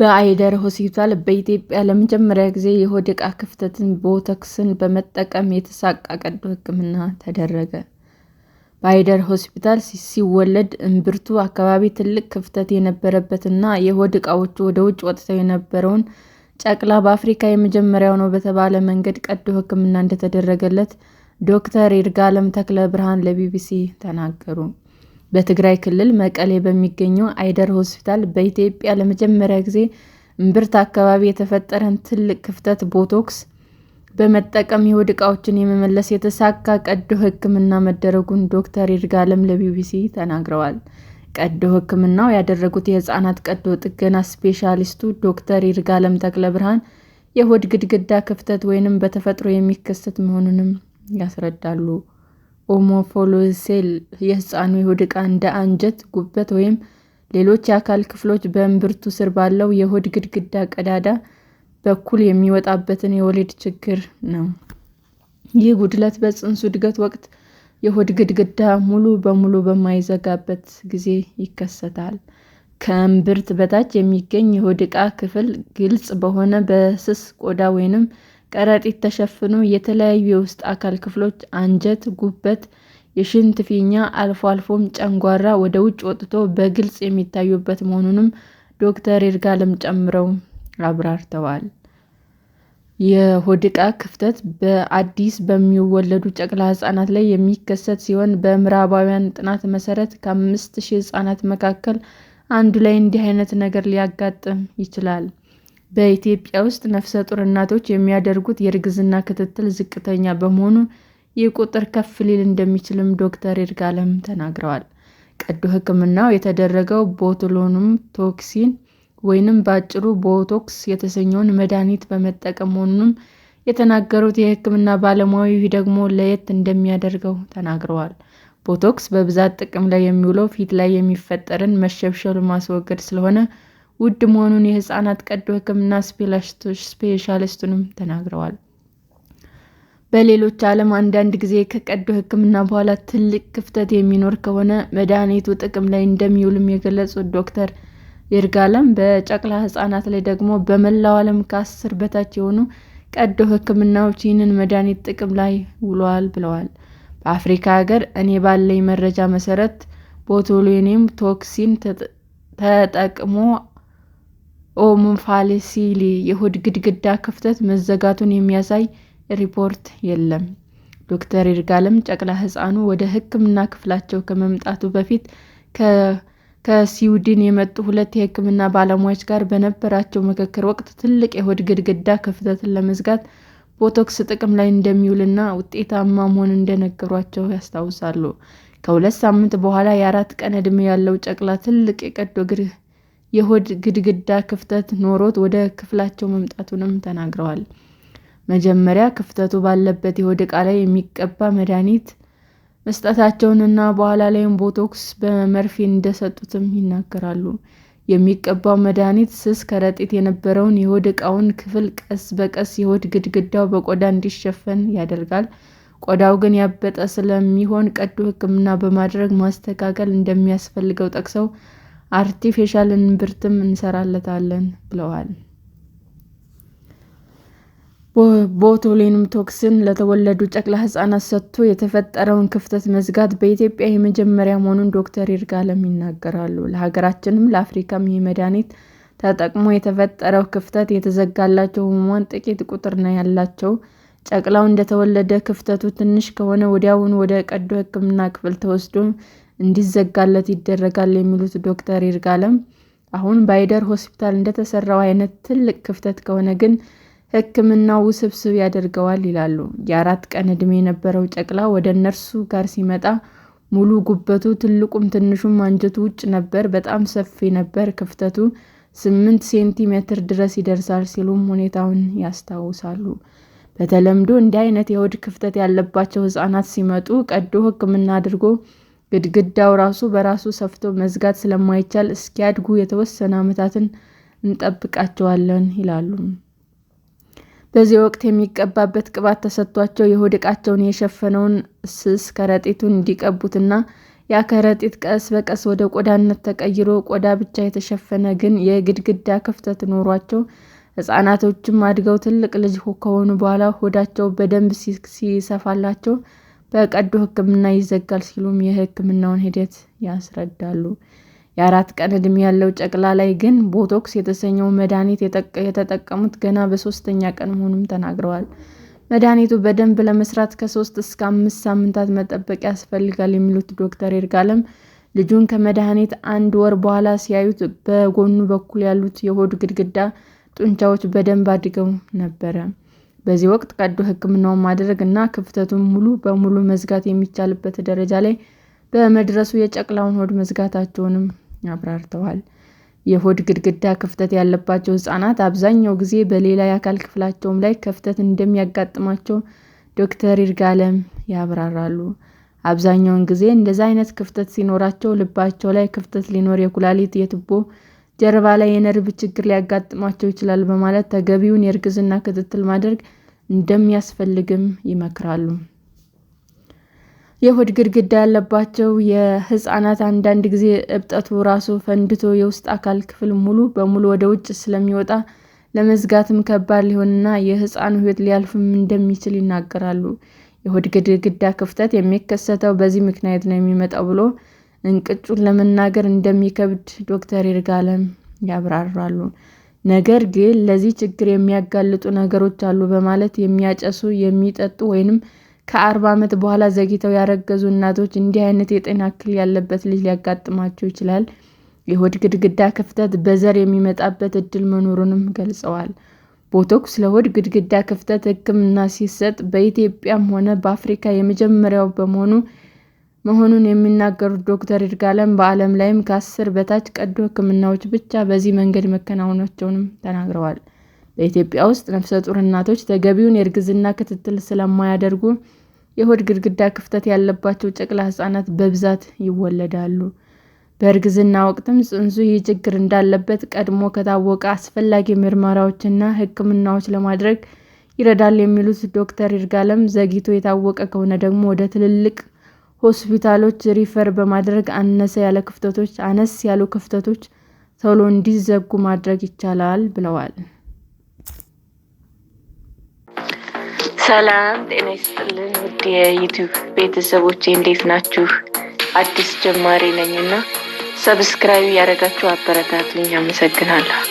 በአይደር ሆስፒታል በኢትዮጵያ ለመጀመሪያ ጊዜ የሆድ ዕቃ ክፍተትን ቦቶክስን በመጠቀም የተሳካ ቀዶ ሕክምና ተደረገ። በአይደር ሆስፒታል ሲወለድ እምብርቱ አካባቢ ትልቅ ክፍተት የነበረበትና የሆድ ዕቃዎቹ ወደ ውጭ ወጥተው የነበረውን ጨቅላ በአፍሪካ የመጀመሪያው ነው በተባለ መንገድ ቀዶ ሕክምና እንደተደረገለት ዶክተር ይርጋለም ተክለ ብርሃን ለቢቢሲ ተናገሩ። በትግራይ ክልል መቀሌ በሚገኘው አይደር ሆስፒታል በኢትዮጵያ ለመጀመሪያ ጊዜ እምብርት አካባቢ የተፈጠረን ትልቅ ክፍተት ቦቶክስ በመጠቀም የሆድ ዕቃዎችን የመመለስ የተሳካ ቀዶ ሕክምና መደረጉን ዶክተር ይርጋለም ለቢቢሲ ተናግረዋል። ቀዶ ሕክምናው ያደረጉት የህፃናት ቀዶ ጥገና ስፔሻሊስቱ ዶክተር ይርጋለም ብርሃን የሆድ ግድግዳ ክፍተት ወይንም በተፈጥሮ የሚከሰት መሆኑንም ያስረዳሉ። ኦሞፎሎሴል የሕፃኑ የሆድ ዕቃ እንደ አንጀት፣ ጉበት ወይም ሌሎች የአካል ክፍሎች በእምብርቱ ስር ባለው የሆድ ግድግዳ ቀዳዳ በኩል የሚወጣበትን የወሊድ ችግር ነው። ይህ ጉድለት በፅንሱ እድገት ወቅት የሆድ ግድግዳ ሙሉ በሙሉ በማይዘጋበት ጊዜ ይከሰታል። ከእምብርት በታች የሚገኝ የሆድ ዕቃ ክፍል ግልጽ በሆነ በስስ ቆዳ ወይም ከረጢት ተሸፍኖ የተለያዩ የውስጥ አካል ክፍሎች አንጀት፣ ጉበት፣ የሽንት ፊኛ አልፎ አልፎም ጨንጓራ ወደ ውጭ ወጥቶ በግልጽ የሚታዩበት መሆኑንም ዶክተር ይርጋለም ጨምረው አብራርተዋል። የሆድ ዕቃ ክፍተት በአዲስ በሚወለዱ ጨቅላ ህጻናት ላይ የሚከሰት ሲሆን በምዕራባውያን ጥናት መሰረት ከአምስት ሺህ ህጻናት መካከል አንዱ ላይ እንዲህ አይነት ነገር ሊያጋጥም ይችላል። በኢትዮጵያ ውስጥ ነፍሰ ጡር እናቶች የሚያደርጉት የእርግዝና ክትትል ዝቅተኛ በመሆኑ ይህ ቁጥር ከፍ ሊል እንደሚችልም ዶክተር ይርጋለም ተናግረዋል። ቀዶ ሕክምናው የተደረገው ቦቱሊኑም ቶክሲን ወይንም በአጭሩ ቦቶክስ የተሰኘውን መድኃኒት በመጠቀም መሆኑንም የተናገሩት የሕክምና ባለሙያው ይህ ደግሞ ለየት እንደሚያደርገው ተናግረዋል። ቦቶክስ በብዛት ጥቅም ላይ የሚውለው ፊት ላይ የሚፈጠርን መሸብሸብ ለማስወገድ ስለሆነ ውድ መሆኑን የህፃናት ቀዶ ህክምና ስፔሻሊስቱንም ተናግረዋል። በሌሎች ዓለም አንዳንድ ጊዜ ከቀዶ ህክምና በኋላ ትልቅ ክፍተት የሚኖር ከሆነ መድኃኒቱ ጥቅም ላይ እንደሚውልም የገለጹት ዶክተር ይርጋለም በጨቅላ ህጻናት ላይ ደግሞ በመላው ዓለም ከአስር በታች የሆኑ ቀዶ ህክምናዎች ይህንን መድኃኒት ጥቅም ላይ ውሏል ብለዋል። በአፍሪካ ሀገር እኔ ባለኝ መረጃ መሰረት ቦቱሊኒየም ቶክሲን ተጠቅሞ ኦ የሆድ ግድግዳ ክፍተት መዘጋቱን የሚያሳይ ሪፖርት የለም። ዶክተር ይርጋለም ጨቅላ ሕፃኑ ወደ ሕክምና ክፍላቸው ከመምጣቱ በፊት ከስዊድን የመጡ ሁለት የሕክምና ባለሙያዎች ጋር በነበራቸው ምክክር ወቅት ትልቅ የሆድ ግድግዳ ክፍተትን ለመዝጋት ቦቶክስ ጥቅም ላይ እንደሚውልና ውጤታማ መሆን እንደነገሯቸው ያስታውሳሉ። ከሁለት ሳምንት በኋላ የአራት ቀን ዕድሜ ያለው ጨቅላ ትልቅ የቀዶ የሆድ ግድግዳ ክፍተት ኖሮት ወደ ክፍላቸው መምጣቱንም ተናግረዋል። መጀመሪያ ክፍተቱ ባለበት የሆድ ዕቃ ላይ የሚቀባ መድኃኒት መስጠታቸውንና በኋላ ላይም ቦቶክስ በመርፌ እንደሰጡትም ይናገራሉ። የሚቀባው መድኃኒት ስስ ከረጢት የነበረውን የሆድ ዕቃውን ክፍል ቀስ በቀስ የሆድ ግድግዳው በቆዳ እንዲሸፈን ያደርጋል። ቆዳው ግን ያበጠ ስለሚሆን ቀዶ ሕክምና በማድረግ ማስተካከል እንደሚያስፈልገው ጠቅሰው አርቲፊሻል እምብርትም እንሰራለታለን ብለዋል። ቦቱሊንም ቶክሲን ለተወለዱ ጨቅላ ህጻናት ሰጥቶ የተፈጠረውን ክፍተት መዝጋት በኢትዮጵያ የመጀመሪያ መሆኑን ዶክተር ይርጋለም ይናገራሉ። ለሀገራችንም ለአፍሪካም ይህ መድኃኒት ተጠቅሞ የተፈጠረው ክፍተት የተዘጋላቸው ሕሙማን ጥቂት ቁጥር ነው ያላቸው። ጨቅላው እንደተወለደ ክፍተቱ ትንሽ ከሆነ ወዲያውን ወደ ቀዶ ህክምና ክፍል ተወስዶ እንዲዘጋለት ይደረጋል የሚሉት ዶክተር ይርጋለም አሁን በአይደር ሆስፒታል እንደተሰራው አይነት ትልቅ ክፍተት ከሆነ ግን ሕክምናው ውስብስብ ያደርገዋል ይላሉ። የአራት ቀን ዕድሜ የነበረው ጨቅላ ወደ እነርሱ ጋር ሲመጣ ሙሉ ጉበቱ ትልቁም ትንሹም አንጀቱ ውጭ ነበር። በጣም ሰፊ ነበር። ክፍተቱ ስምንት ሴንቲሜትር ድረስ ይደርሳል ሲሉም ሁኔታውን ያስታውሳሉ። በተለምዶ እንዲህ አይነት የሆድ ክፍተት ያለባቸው ህጻናት ሲመጡ ቀዶ ሕክምና አድርጎ ግድግዳው ራሱ በራሱ ሰፍቶ መዝጋት ስለማይቻል እስኪያድጉ የተወሰነ ዓመታትን እንጠብቃቸዋለን ይላሉ። በዚህ ወቅት የሚቀባበት ቅባት ተሰጥቷቸው የሆድ ዕቃቸውን የሸፈነውን ስስ ከረጢቱን እንዲቀቡትና ያ ከረጢት ቀስ በቀስ ወደ ቆዳነት ተቀይሮ ቆዳ ብቻ የተሸፈነ ግን የግድግዳ ክፍተት ኖሯቸው ሕፃናቶችም አድገው ትልቅ ልጅ ከሆኑ በኋላ ሆዳቸው በደንብ ሲሰፋላቸው በቀዶ ሕክምና ይዘጋል ሲሉም የሕክምናውን ሂደት ያስረዳሉ። የአራት ቀን ዕድሜ ያለው ጨቅላ ላይ ግን ቦቶክስ የተሰኘው መድኃኒት የተጠቀሙት ገና በሶስተኛ ቀን መሆኑም ተናግረዋል። መድኃኒቱ በደንብ ለመስራት ከሶስት እስከ አምስት ሳምንታት መጠበቅ ያስፈልጋል የሚሉት ዶክተር ይርጋለም ልጁን ከመድኃኒት አንድ ወር በኋላ ሲያዩት በጎኑ በኩል ያሉት የሆድ ግድግዳ ጡንቻዎች በደንብ አድገው ነበረ። በዚህ ወቅት ቀዶ ሕክምናውን ማድረግ እና ክፍተቱን ሙሉ በሙሉ መዝጋት የሚቻልበት ደረጃ ላይ በመድረሱ የጨቅላውን ሆድ መዝጋታቸውንም አብራርተዋል። የሆድ ግድግዳ ክፍተት ያለባቸው ህጻናት አብዛኛው ጊዜ በሌላ የአካል ክፍላቸውም ላይ ክፍተት እንደሚያጋጥማቸው ዶክተር ይርጋለም ያብራራሉ። አብዛኛውን ጊዜ እንደዚህ አይነት ክፍተት ሲኖራቸው ልባቸው ላይ ክፍተት ሊኖር የኩላሊት የቱቦ ጀርባ ላይ የነርቭ ችግር ሊያጋጥማቸው ይችላል በማለት ተገቢውን የእርግዝና ክትትል ማድረግ እንደሚያስፈልግም ይመክራሉ። የሆድ ግድግዳ ያለባቸው የህፃናት አንዳንድ ጊዜ እብጠቱ ራሱ ፈንድቶ የውስጥ አካል ክፍል ሙሉ በሙሉ ወደ ውጭ ስለሚወጣ ለመዝጋትም ከባድ ሊሆንና የህፃኑ ህይወት ሊያልፍም እንደሚችል ይናገራሉ። የሆድ ግድግዳ ክፍተት የሚከሰተው በዚህ ምክንያት ነው የሚመጣው ብሎ እንቅጩን ለመናገር እንደሚከብድ ዶክተር ይርጋለም ያብራራሉ። ነገር ግን ለዚህ ችግር የሚያጋልጡ ነገሮች አሉ በማለት የሚያጨሱ፣ የሚጠጡ ወይንም ከአርባ ዓመት በኋላ ዘግይተው ያረገዙ እናቶች እንዲህ አይነት የጤና እክል ያለበት ልጅ ሊያጋጥማቸው ይችላል። የሆድ ግድግዳ ክፍተት በዘር የሚመጣበት እድል መኖሩንም ገልጸዋል። ቦቶክስ ለሆድ ግድግዳ ክፍተት ሕክምና ሲሰጥ በኢትዮጵያም ሆነ በአፍሪካ የመጀመሪያው በመሆኑ መሆኑን የሚናገሩት ዶክተር ይርጋለም በዓለም ላይም ከአስር በታች ቀዶ ሕክምናዎች ብቻ በዚህ መንገድ መከናወናቸውንም ተናግረዋል። በኢትዮጵያ ውስጥ ነፍሰ ጡር እናቶች ተገቢውን የእርግዝና ክትትል ስለማያደርጉ የሆድ ግድግዳ ክፍተት ያለባቸው ጨቅላ ሕፃናት በብዛት ይወለዳሉ። በእርግዝና ወቅትም ፅንሱ ይህ ችግር እንዳለበት ቀድሞ ከታወቀ አስፈላጊ ምርመራዎችና ሕክምናዎች ለማድረግ ይረዳል የሚሉት ዶክተር ይርጋለም ዘግይቶ የታወቀ ከሆነ ደግሞ ወደ ትልልቅ ሆስፒታሎች ሪፈር በማድረግ አነሰ ያለ ክፍተቶች አነስ ያሉ ክፍተቶች ቶሎ እንዲዘጉ ማድረግ ይቻላል ብለዋል። ሰላም ጤና ይስጥልን ውድ የዩቲዩብ ቤተሰቦች እንዴት ናችሁ? አዲስ ጀማሪ ነኝ እና ሰብስክራይብ ያደረጋችሁ ልኝ አመሰግናለሁ።